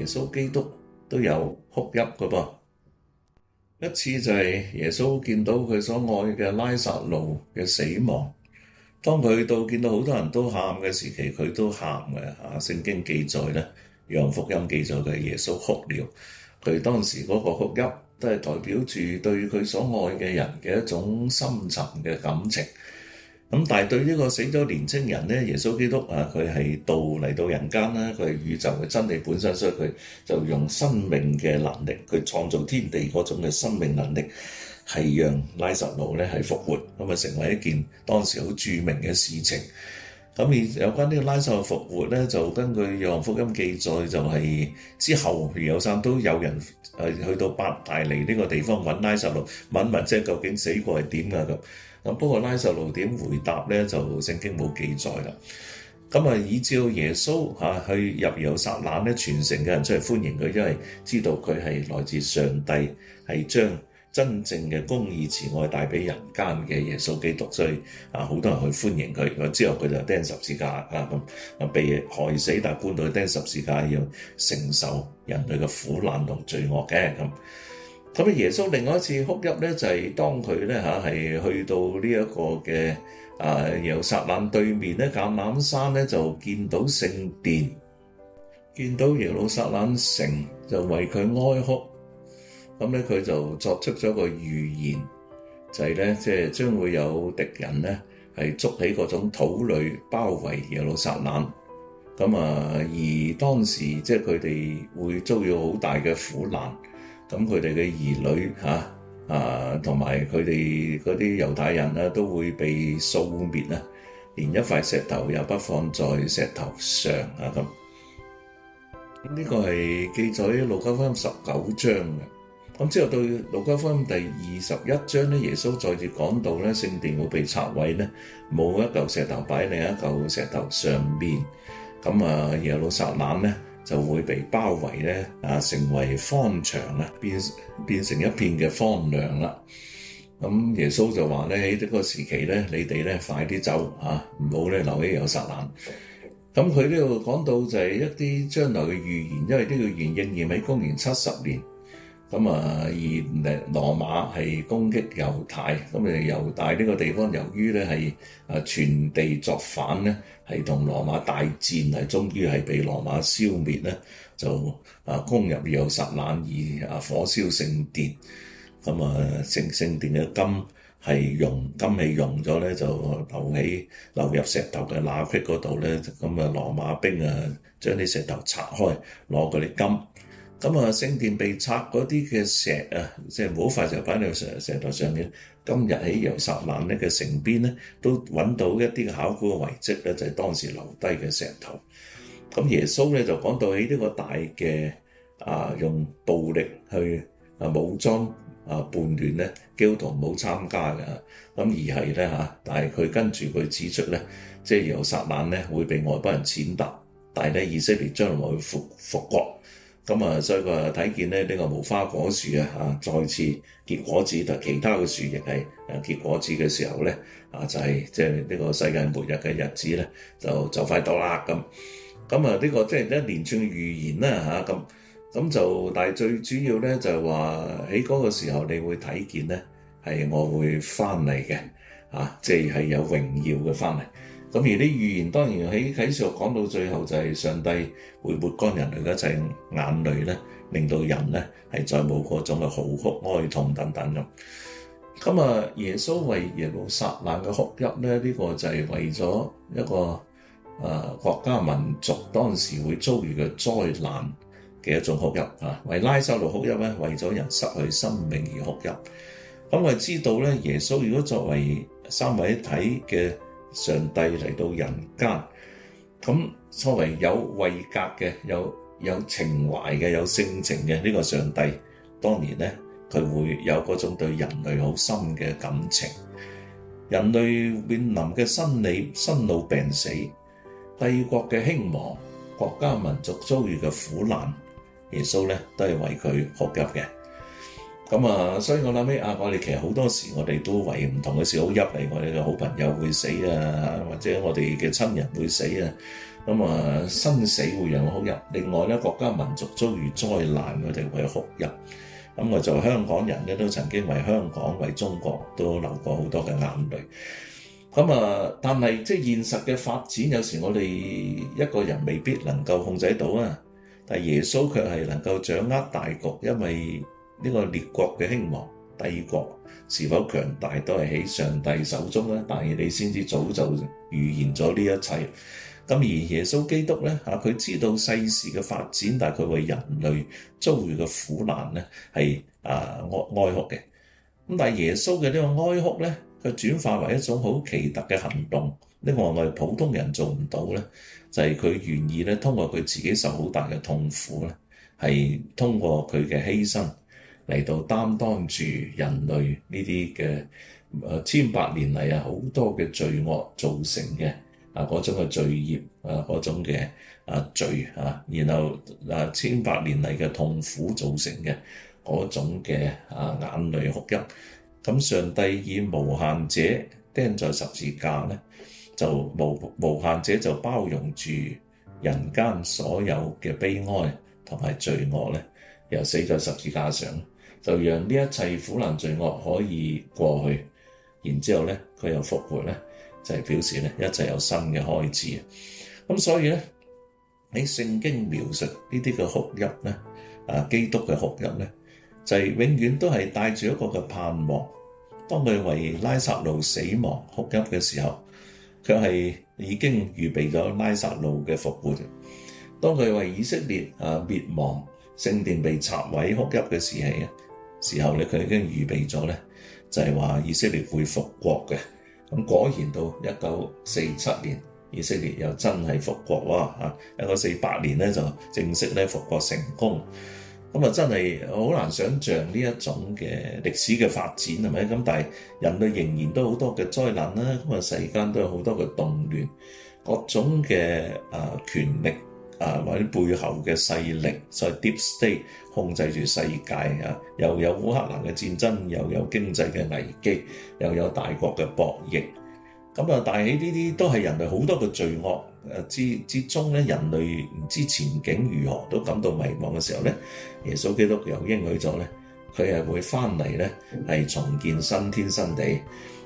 耶穌基督都有哭泣嘅噃，一次就係耶穌見到佢所愛嘅拉撒路嘅死亡，當佢到見到好多人都喊嘅時期，佢都喊嘅吓。聖經記載咧，約翰福音記載嘅耶穌哭了，佢當時嗰個哭泣都係代表住對佢所愛嘅人嘅一種深沉嘅感情。咁但係對呢個死咗年青人咧，耶穌基督啊，佢係到嚟到人間啦，佢係宇宙嘅真理本身，所以佢就用生命嘅能力，佢創造天地嗰種嘅生命能力，係讓拉撒路咧係復活，咁啊成為一件當時好著名嘅事情。咁而有關呢個拉撒路復活咧，就根據《約翰福音記載、就係》記載，就係之後，而有三都有人、啊、去到伯大尼呢個地方揾拉撒路，揾問即係究竟死過係點㗎咁。不過拉撒路點回答呢，就聖經冇記載啦。咁啊，依照耶穌、啊、去入耶路撒冷咧，全城嘅人出嚟歡迎佢，因為知道佢係來自上帝，係將。真正嘅公義慈愛帶俾人間嘅耶穌基督，所以啊，好多人去歡迎佢。之後佢就釘十字架啊，咁啊被害死，但係觀到釘十字架要承受人類嘅苦難同罪惡嘅咁。咁啊，啊，耶穌另外一次哭泣咧，就係、是、當佢咧嚇係去到呢一個嘅耶路撒冷對面咧橄欖山咧，就見到聖殿，見到耶路撒冷城，就為佢哀哭。咁咧，佢就作出咗個預言，就係、是、咧，即係將會有敵人咧係捉起嗰種土類包圍耶路撒冷。咁啊，而當時即係佢哋會遭遇好大嘅苦難。咁佢哋嘅兒女嚇啊，同埋佢哋嗰啲猶太人咧、啊、都會被掃滅啦，連一塊石頭也不放在石頭上啊！咁呢、這個係記載喺路加福音十九章嘅。咁之後到路加福音第二十一章咧，耶穌再次講到咧，聖殿會被拆毀咧，冇一嚿石頭擺另一嚿石頭上面，咁啊，耶路撒冷咧就會被包圍咧啊，成為荒場啊，變變成一片嘅荒涼啦。咁耶穌就話咧，喺呢個時期咧，你哋咧快啲走啊，唔好咧留喺耶路撒冷。咁佢呢度講到就係一啲將來嘅預言，因為呢個預言應驗喺公元七十年。咁啊，而羅馬係攻擊猶太，咁啊，猶太呢個地方由於咧係啊全地作反咧，係同羅馬大戰，係終於係被羅馬消滅咧，就啊攻入耶路撒冷，而啊火燒聖殿，咁、嗯、啊聖聖殿嘅金係融金係融咗咧，就流起流入石頭嘅罅隙嗰度咧，咁、嗯、啊羅馬兵啊將啲石頭拆開攞佢哋金。咁啊、嗯，聖殿被拆嗰啲嘅石啊，即係好快就擺喺石石頭上面。今日喺耶路撒冷呢嘅城邊咧，都揾到一啲考古嘅遺跡咧，就係、是、當時留低嘅石頭。咁、嗯、耶穌咧就講到喺呢個大嘅啊，用暴力去啊武裝啊叛亂咧，基督徒冇參加嘅，咁、嗯、而係咧嚇，但係佢跟住佢指出咧，即係耶路撒冷咧會被外邦人踐踏，但係咧以色列將來會復復國。咁啊、嗯，所以佢話睇見咧呢個無花果樹啊，嚇再次結果子，同其他嘅樹亦係誒結果子嘅時候咧，啊就係即係呢個世界末日嘅日子咧，就就快到啦咁。咁啊呢個即係一連串嘅預言啦嚇，咁咁就，但係最主要咧就係話喺嗰個時候，你會睇見咧係我會翻嚟嘅，嚇、啊，即係係有榮耀嘅翻嚟。咁而啲預言當然喺喺啟示錄講到最後就係上帝會抹乾人類一陣、就是、眼淚咧，令到人呢係再無嗰種嘅嚎哭哀痛等等咁。咁、嗯、啊，耶穌為耶路撒冷嘅哭泣呢，呢、這個就係為咗一個誒、呃、國家民族當時會遭遇嘅災難嘅一種哭泣啊。為拉撒路哭泣呢，為咗人失去生命而哭泣。咁、嗯、我哋知道咧，耶穌如果作為三位一體嘅，上帝嚟到人間，咁作為有位格嘅、有有情懷嘅、有性情嘅呢個上帝，當然呢，佢會有嗰種對人類好深嘅感情。人類面臨嘅生理、生老病死、帝國嘅興亡、國家民族遭遇嘅苦難，耶穌呢都係為佢哭泣嘅。咁啊、嗯，所以我諗起啊，我哋其實好多時，我哋都為唔同嘅事好泣嚟，我哋嘅好朋友會死啊，或者我哋嘅親人會死啊。咁、嗯、啊，生死會讓我哭泣。另外咧，國家民族遭遇災難，佢哋會哭泣。咁、嗯、我就香港人咧，都曾經為香港為中國都流過好多嘅眼淚。咁、嗯、啊、嗯，但係即係現實嘅發展，有時我哋一個人未必能夠控制到啊。但係耶穌卻係能夠掌握大局，因為呢個列國嘅興亡，帝國是否強大都係喺上帝手中咧？但係你先至早就預言咗呢一切。咁而耶穌基督咧嚇，佢知道世事嘅發展，但係佢為人類遭遇嘅苦難咧係啊，我、呃、哀哭嘅。咁但係耶穌嘅呢個哀哭咧，佢轉化為一種好奇特嘅行動，呢個我哋普通人做唔到咧，就係佢願意咧通過佢自己受好大嘅痛苦咧，係通過佢嘅犧牲。嚟到擔當住人類呢啲嘅誒千百年嚟啊，好多嘅罪惡造成嘅啊嗰種嘅罪孽，啊嗰種嘅啊罪啊，然後啊千百年嚟嘅痛苦造成嘅嗰種嘅啊眼淚哭泣。咁上帝以無限者釘在十字架咧，就無無限者就包容住人間所有嘅悲哀同埋罪惡咧，又死在十字架上。就讓呢一切苦難罪惡可以過去，然之後咧，佢又復活咧，就係表示咧，一切有新嘅開始。咁所以咧，喺聖經描述呢啲嘅哭泣咧，啊，基督嘅哭泣咧，就係永遠都係帶住一個嘅盼望。當佢為拉撒路死亡哭泣嘅時候，佢係已經預備咗拉撒路嘅復活；當佢為以色列啊滅亡、聖殿被拆毀哭泣嘅時期，啊！時候咧，佢已經預備咗咧，就係話以色列會復國嘅。咁果然到一九四七年，以色列又真係復國喎嚇。一九四八年咧就正式咧復國成功。咁啊，真係好難想像呢一種嘅歷史嘅發展係咪？咁但係人類仍然都好多嘅災難啦。咁啊，世間都有好多嘅動亂，各種嘅呃權力。啊，或者背後嘅勢力所謂 deep state 控制住世界啊，又有烏克蘭嘅戰爭，又有經濟嘅危機，又有大國嘅博弈，咁啊，但係呢啲都係人類好多嘅罪惡之之中咧，人類唔知前景如何都感到迷茫嘅時候咧，耶穌基督又應許咗咧，佢係會翻嚟咧，係重建新天新地，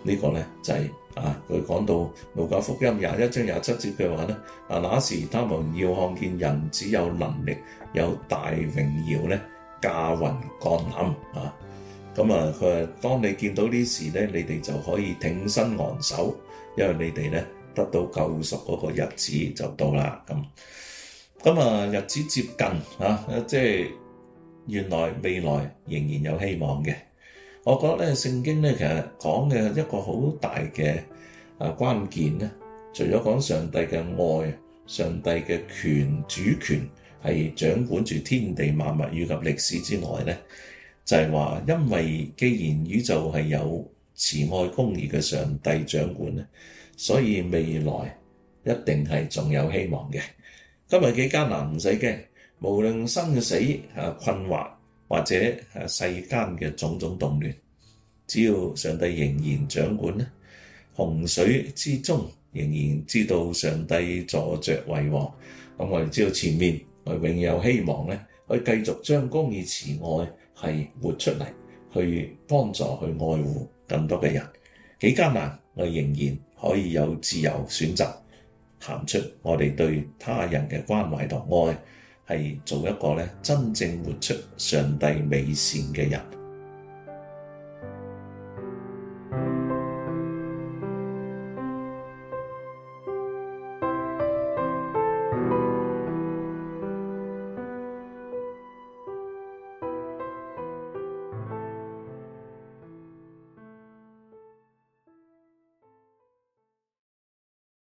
這個、呢個咧就係、是。啊！佢講到《路加福音》廿一章廿七節嘅話呢，那時他們要看見人子有能力，有大榮耀呢，駕雲降臨啊！咁啊，佢話，當你見到呢事呢，你哋就可以挺身昂首，因為你哋呢得到救贖嗰個日子就到啦。咁、嗯、咁啊，日子接近啊，即係原來未來仍然有希望嘅。我覺得咧，聖經咧其實講嘅一個好大嘅啊關鍵，除咗講上帝嘅愛、上帝嘅權主權係掌管住天地萬物以及歷史之外呢，就係話因為既然宇宙係有慈愛公義嘅上帝掌管咧，所以未來一定係仲有希望嘅。今日幾艱難，唔使驚，無論生死困惑。或者世間嘅種種動亂，只要上帝仍然掌管咧，洪水之中仍然知道上帝坐著為王。咁我哋知道前面我哋永有希望咧，可以繼續將公義慈愛係活出嚟，去幫助去愛護更多嘅人。幾艱難，我仍然可以有自由選擇行出我哋對他人嘅關懷同愛。係做一個咧真正活出上帝美善嘅人。